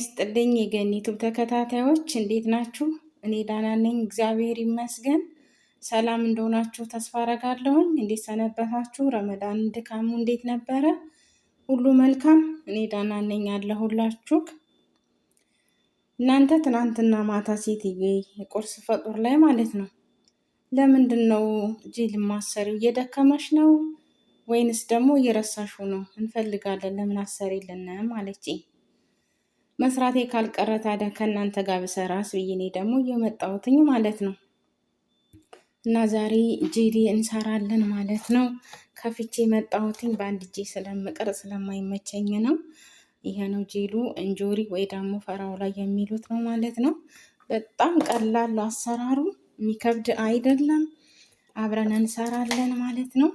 ይስጥልኝ የገን ዩቱብ ተከታታዮች እንዴት ናችሁ? እኔ ደህና ነኝ፣ እግዚአብሔር ይመስገን። ሰላም እንደሆናችሁ ተስፋ አረጋለሁኝ። እንዴት ሰነበታችሁ? ረመዳን ድካሙ እንዴት ነበረ? ሁሉ መልካም? እኔ ደህና ነኝ አለሁላችሁ። እናንተ ትናንትና ማታ ሴትዬ ቁርስ ፈጡር ላይ ማለት ነው ለምንድን ነው ጅል ማሰሪው? እየደከመሽ ነው ወይንስ ደግሞ እየረሳሹ ነው? እንፈልጋለን ለምን አሰሪልን ማለች መስራቴ ካልቀረ ታዲያ ከእናንተ ጋር ብሰራስ ብዬ እኔ ደግሞ እየመጣሁትኝ ማለት ነው። እና ዛሬ ጄዲ እንሰራለን ማለት ነው። ከፍቼ መጣሁትኝ በአንድ እጄ ስለምቀር ስለማይመቸኝ ነው። ይሄ ነው ጄሉ እንጆሪ ወይ ደግሞ ፈራው ላይ የሚሉት ነው ማለት ነው። በጣም ቀላሉ አሰራሩ የሚከብድ አይደለም። አብረን እንሰራለን ማለት ነው።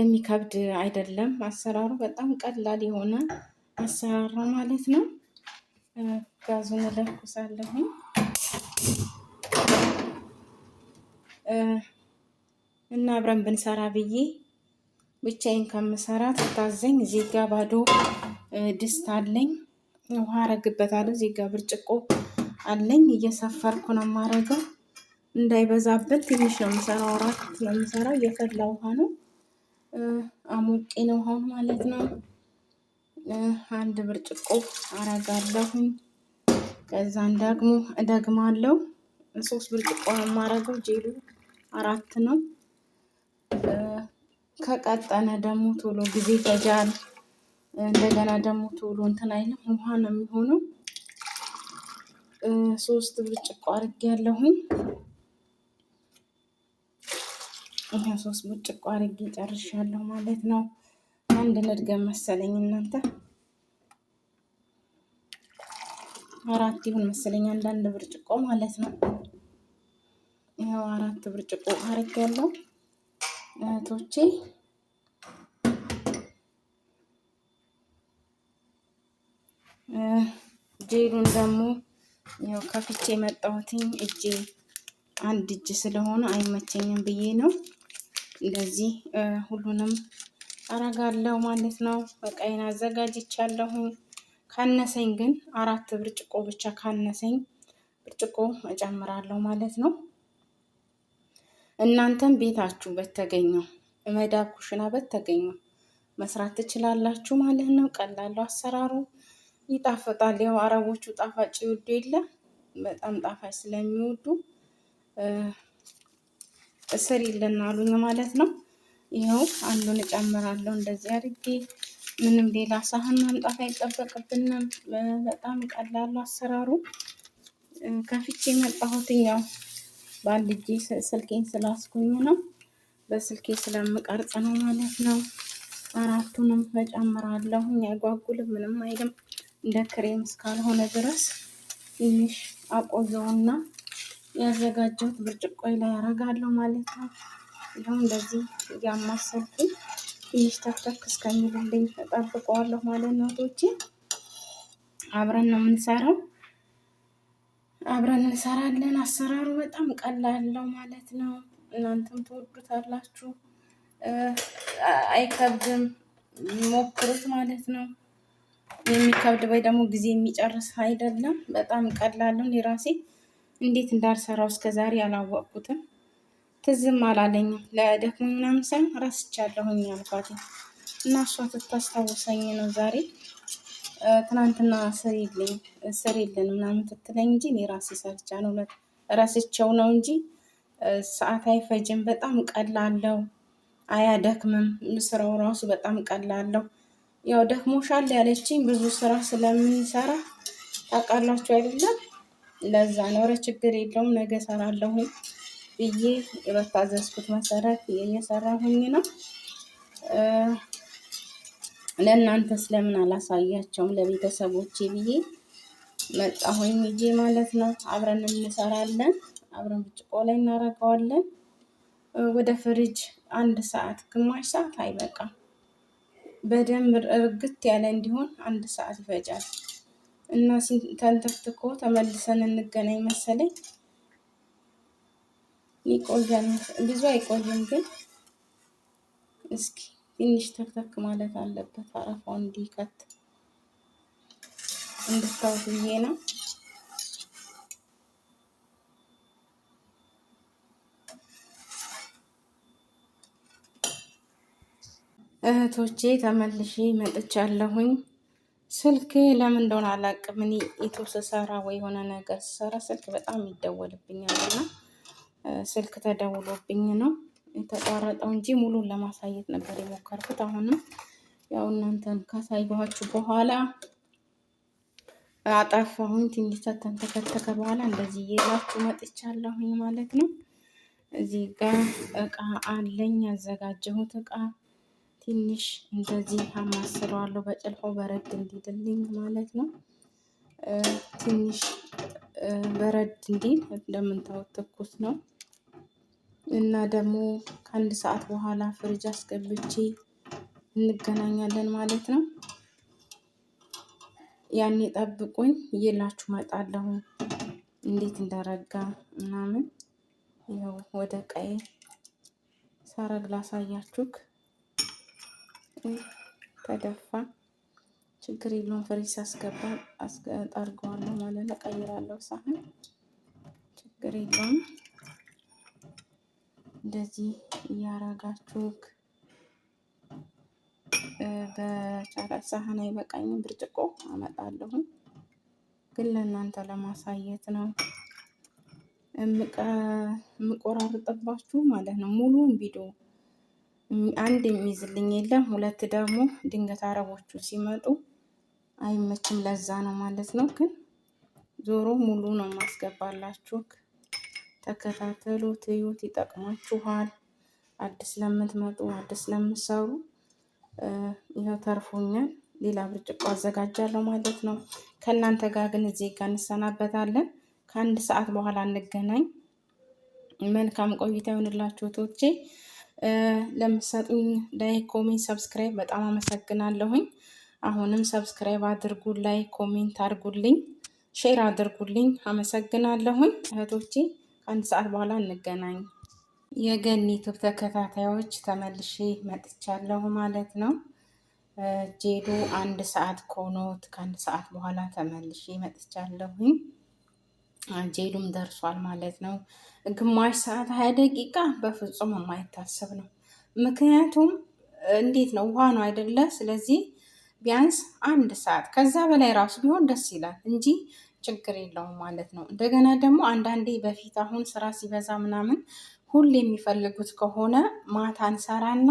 የሚከብድ አይደለም አሰራሩ በጣም ቀላል የሆነ አሰራራ ማለት ነው። ጋዙን እለኩሳለሁኝ። እና አብረን ብንሰራ ብዬ ብቻዬን ከምሰራ ትታዘኝ። እዚህ ጋ ባዶ ድስት አለኝ፣ ውሃ አረግበታለሁ። እዚህ ጋ ብርጭቆ አለኝ፣ እየሰፈርኩ ነው የማረገው። እንዳይበዛበት ትንሽ ነው የምሰራው፣ እራት ነው የምሰራው። እየፈላ ውሃ ነው አሞቄ ነው ውሃውን ማለት ነው። አንድ ብርጭቆ አረጋለሁኝ። ከዛን ደግሞ እደግማለሁ። ሶስት ብርጭቆ የማረገው ጄሉ አራት ነው። ከቀጠነ ደግሞ ቶሎ ጊዜ ይፈጃል። እንደገና ደግሞ ቶሎ እንትን አይልም፣ ውሃ ነው የሚሆነው። ሶስት ብርጭቆ ያለሁኝ ይሄ ሶስት ብርጭቆ አርግ ጨርሻለሁ ማለት ነው። አንድ ልድገም መሰለኝ እናንተ አራት ይሁን መሰለኝ አንዳንድ ብርጭቆ ማለት ነው። ያው አራት ብርጭቆ አርግ ያለው እህቶቼ ጄሉን ደግሞ ያው ከፍቼ መጣሁትኝ እጄ አንድ እጅ ስለሆነ አይመቸኝም ብዬ ነው እንደዚህ ሁሉንም አረጋለሁ ማለት ነው። በቃይን አዘጋጅቻለሁ። ካነሰኝ ግን አራት ብርጭቆ ብቻ ካነሰኝ ብርጭቆ እጨምራለሁ ማለት ነው። እናንተም ቤታችሁ በተገኘው መዳብ ኩሽና በተገኘው መስራት ትችላላችሁ ማለት ነው። ቀላሉ አሰራሩ ይጣፍጣል። ያው አረቦቹ ጣፋጭ ይወዱ የለ በጣም ጣፋጭ ስለሚወዱ እስር ይለናሉኝ ማለት ነው። ይኸው አንዱን እጨምራለሁ እንደዚህ አድርጌ። ምንም ሌላ ሳህን ማምጣት አይጠበቅብንም። በጣም ቀላሉ አሰራሩ። ከፍቼ የመጣሁትኝ ያው ስልኬን ስላስኩኝ ነው። በስልኬ ስለምቀርጽ ነው ማለት ነው። አራቱንም እጨምራለሁ። አይጓጉልም፣ ምንም አይልም። እንደ ክሬም እስካልሆነ ድረስ ትንሽ አቆየውና ያዘጋጀሁት ብርጭቆይ ላይ ያረጋለሁ ማለት ነው። ይኸው እንደዚህ እያማሰልኩኝ ትንሽ ተፍተፍ እስከሚልልኝ ተጠብቀዋለሁ ማለት ነው። ቶቼ አብረን ነው የምንሰራው፣ አብረን እንሰራለን። አሰራሩ በጣም ቀላለው ማለት ነው። እናንተም ትወዱታላችሁ፣ አይከብድም። ሞክሩት ማለት ነው። የሚከብድ ወይ ደግሞ ጊዜ የሚጨርስ አይደለም። በጣም ቀላለው። ነው። እኔ ራሴ እንዴት እንዳልሰራው እስከዛሬ አላወቅኩትም። ትዝም አላለኝም። ለደክሞኝ ምናምን ሳይሆን ረስቻለሁኝ አልኳት እና እሷ ትታስታውሰኝ ነው ዛሬ ትናንትና ስሪልኝ ስሪልን ምናምን ትትለኝ እንጂ እኔ ራሴ ሰርቻ ነው ረስቸው ነው እንጂ ሰዓት አይፈጅም። በጣም ቀላለው፣ አያደክምም። ስራው ራሱ በጣም ቀላለው። ያው ደክሞሻል ያለችኝ ብዙ ስራ ስለምንሰራ ታውቃላችሁ አይደለም? ለዛ ነው። ኧረ ችግር የለውም ነገ ሰራለሁኝ ብዬ በታዘዝኩት መሰረት እየሰራሁኝ ነው። ለእናንተ ስለምን አላሳያቸውም ለቤተሰቦቼ ብዬ መጣሁኝ ይዤ ማለት ነው። አብረን እንሰራለን። አብረን ብርጭቆ ላይ እናደርገዋለን። ወደ ፍሪጅ አንድ ሰዓት ግማሽ ሰዓት አይበቃም። በደንብ እርግት ያለ እንዲሆን አንድ ሰዓት ይፈጃል እና ተንተፍትኮ ተመልሰን እንገናኝ መሰለኝ። ይቆያል። ብዙ አይቆይም ግን እስኪ ትንሽ ተክተክ ማለት አለበት። አረፋው እንዲከት እንድታው ብዬ ነው። እህቶቼ ተመልሼ መጥቻለሁኝ። ስልክ ለምን እንደሆነ አላውቅም። እኔ ኢትዮ ስሰራ ወይ የሆነ ነገር ስሰራ ስልክ በጣም ይደወልብኛል እና ስልክ ተደውሎብኝ ነው የተቋረጠው እንጂ ሙሉን ለማሳየት ነበር የሞከርኩት። አሁንም ያው እናንተን ካሳየኋችሁ በኋላ አጠፋሁኝ። ትንሽ ተከተከ በኋላ እንደዚህ የላችሁ መጥቻለሁኝ ማለት ነው። እዚህ ጋር እቃ አለኝ ያዘጋጀሁት እቃ ትንሽ እንደዚህ አማስለዋለሁ በጭልፎ በረድ እንዲልልኝ ማለት ነው። ትንሽ በረድ እንዲል እንደምታዩት ትኩስ ነው። እና ደግሞ ከአንድ ሰዓት በኋላ ፍሪጅ አስገብቼ እንገናኛለን ማለት ነው። ያኔ ጠብቁኝ እየላችሁ መጣለሁ እንዴት እንደረጋ ምናምን። ያው ወደ ቀይ ሰረግ ላሳያችሁ። ተደፋ ችግር የለውም። ፍሪጅ ሳስገባ ጠርገዋለሁ ማለት ነው። ቀይራለሁ ሳህን ችግር የለውም። እንደዚህ እያረጋችሁ በጨረቃ ሳህን አይበቃኝም፣ ብርጭቆ አመጣለሁ፣ ግን ለእናንተ ለማሳየት ነው የምቆራርጥባችሁ ማለት ነው። ሙሉውን ቪዲዮ አንድ የሚይዝልኝ የለም። ሁለት ደግሞ ድንገት አረቦቹ ሲመጡ አይመችም፣ ለዛ ነው ማለት ነው። ግን ዞሮ ሙሉ ነው ማስገባላችሁ። ተከታተሉ፣ ትዩት፣ ይጠቅማችኋል። አዲስ ለምትመጡ አዲስ ለምትሰሩ ይኸው ተርፎኛል። ሌላ ብርጭቆ አዘጋጃለሁ ማለት ነው። ከእናንተ ጋር ግን እዚህ ጋር እንሰናበታለን። ከአንድ ሰዓት በኋላ እንገናኝ። መልካም ቆይታ ይሆንላችሁ ቶቼ። ለምሰጡኝ ላይክ ኮሜንት አድርጉልኝ፣ ሼር አድርጉልኝ። አመሰግናለሁኝ እህቶቼ። ከአንድ ሰዓት በኋላ እንገናኝ። የገኒ ዩቱብ ተከታታዮች ተመልሼ መጥቻለሁ ማለት ነው። ጄዶ አንድ ሰዓት ከሆኖት ከአንድ ሰዓት በኋላ ተመልሼ መጥቻለሁኝ። ጄዱም ደርሷል ማለት ነው። ግማሽ ሰዓት ሀያ ደቂቃ በፍጹም የማይታሰብ ነው። ምክንያቱም እንዴት ነው ውሃ ነው አይደለ? ስለዚህ ቢያንስ አንድ ሰዓት ከዛ በላይ ራሱ ቢሆን ደስ ይላል እንጂ ችግር የለውም ማለት ነው። እንደገና ደግሞ አንዳንዴ በፊት አሁን ስራ ሲበዛ ምናምን ሁሌ የሚፈልጉት ከሆነ ማታ እንሰራና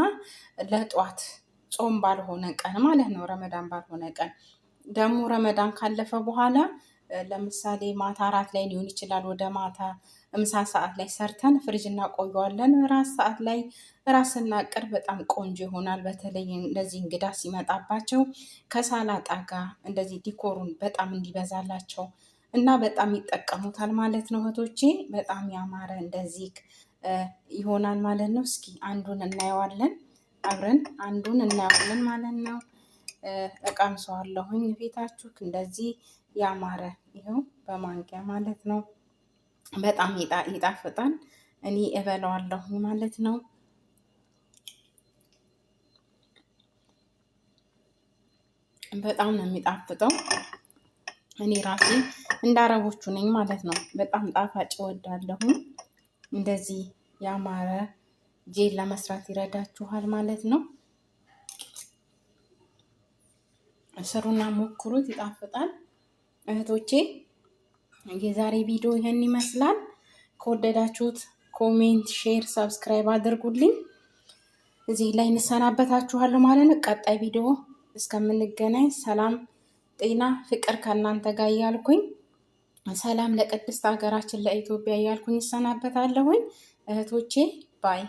ለጧት ጾም ባልሆነ ቀን ማለት ነው፣ ረመዳን ባልሆነ ቀን ደግሞ ረመዳን ካለፈ በኋላ ለምሳሌ ማታ አራት ላይ ሊሆን ይችላል ወደ ማታ ምሳ ሰዓት ላይ ሰርተን ፍሪጅ እናቆየዋለን። ራስ ሰዓት ላይ ራስና ቅር በጣም ቆንጆ ይሆናል። በተለይ እንደዚህ እንግዳ ሲመጣባቸው ከሳላጣ ጋር እንደዚህ ዲኮሩን በጣም እንዲበዛላቸው እና በጣም ይጠቀሙታል ማለት ነው። እህቶቼ በጣም ያማረ እንደዚህ ይሆናል ማለት ነው። እስኪ አንዱን እናየዋለን፣ አብረን አንዱን እናየዋለን ማለት ነው። እቃም ሰዋለሁኝ እንደዚህ ያማረ ይኸው በማንኪያ ማለት ነው። በጣም ይጣፍጣል። እኔ እበላዋለሁ ማለት ነው። በጣም ነው የሚጣፍጠው። እኔ ራሴ እንደ አረቦቹ ነኝ ማለት ነው። በጣም ጣፋጭ እወዳለሁ። እንደዚህ ያማረ ጄል ለመስራት ይረዳችኋል ማለት ነው። ስሩና ሞክሩት፣ ይጣፍጣል እህቶቼ። የዛሬ ቪዲዮ ይህን ይመስላል። ከወደዳችሁት ኮሜንት፣ ሼር፣ ሰብስክራይብ አድርጉልኝ። እዚህ ላይ እንሰናበታችኋለሁ ማለት ነው። ቀጣይ ቪዲዮ እስከምንገናኝ ሰላም፣ ጤና፣ ፍቅር ከእናንተ ጋር እያልኩኝ ሰላም ለቅድስት ሀገራችን ለኢትዮጵያ እያልኩኝ እሰናበታለሁኝ እህቶቼ ባይ